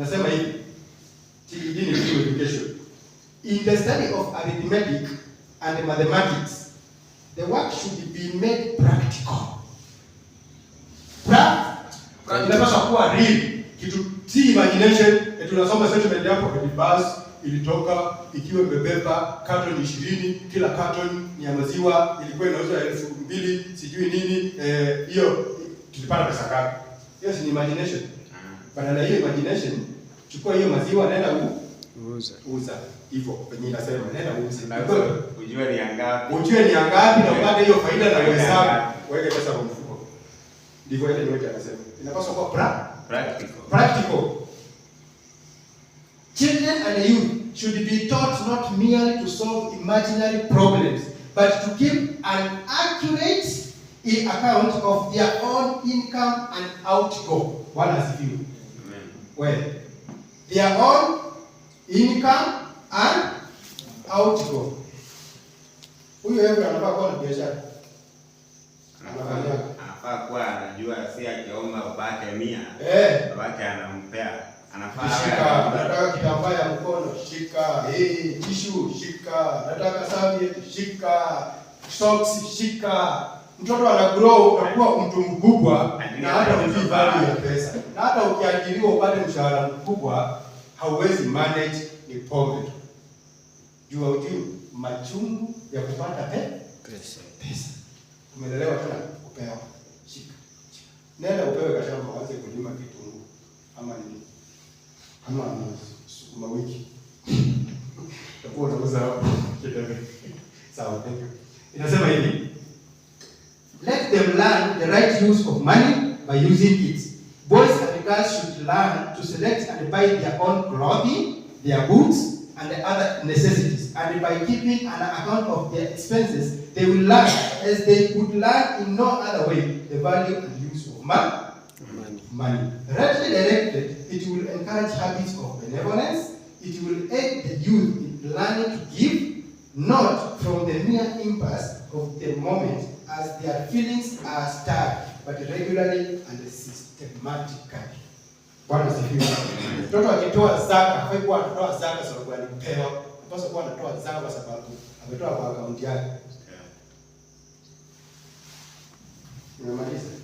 Nasema hivi. TED ni Teacher education. In the study of arithmetic and mathematics, the work should be made practical. Pra inapaswa kuwa real. Kitu si imagination, e, tunasoma statement hapo kwa bus ilitoka ikiwa imebeba carton 20, kila carton ni ya maziwa ilikuwa inauzwa elfu mbili sijui nini e, hiyo eh, tulipata pesa ngapi? Yes, ni imagination badala hiyo imagination, chukua hiyo maziwa, naenda uuza uuza, hivyo kwenye asema naenda uuza, na kwa ujue ni ngapi, ujue ni ngapi, na upate hiyo faida na hesabu, weke pesa kwa mfuko. Ndivyo ile ndio anasema inapaswa kuwa pra practical practical. Children and youth should be taught not merely to solve imaginary problems but to keep an accurate account of their own income and outgo. Bwana asifiwe. Well, are all income and outgo. Huyu hebu anafaa kuwa na biashara, anafaa kuwa anajua, si akiomba babake mia eh. babake anampea, anafaa nataka kitambaa ya mkono shika, eh, tishu shika, nataka shika, socks shika mtoto ana grow utakuwa mtu mkubwa, na hata ujui value ya pesa, na hata ukiajiriwa upate mshahara mkubwa hauwezi manage ni pombe, jua ujui machungu ya kupata pe pesa. Pesa Umeelewa? tena upewa shika shika, nenda upewe kashamba, waanze kulima kitungu ama nini ama sukuma wiki utakuwa unauza hapo. Sawa, thank you. Inasema hivi let them learn the right use of money by using it. Boys and girls should learn to select and buy their own clothing, their books, and the other necessities. And by keeping an account of their expenses, they will learn, as they would learn in no other way, the value and use of money. Money. Rightly directed, it will encourage habits of benevolence, it will aid the youth in learning to give, not from the mere impulse of the moment as their feelings are stirred, but regularly and systematically. What is Bwana sifiwe. Mtoto akitoa zaka, hafai kuwa anatoa zaka sababu alipewa. Anapaswa kuwa anatoa zaka kwa sababu ametoa kwa akaunti yake. Nimemaliza.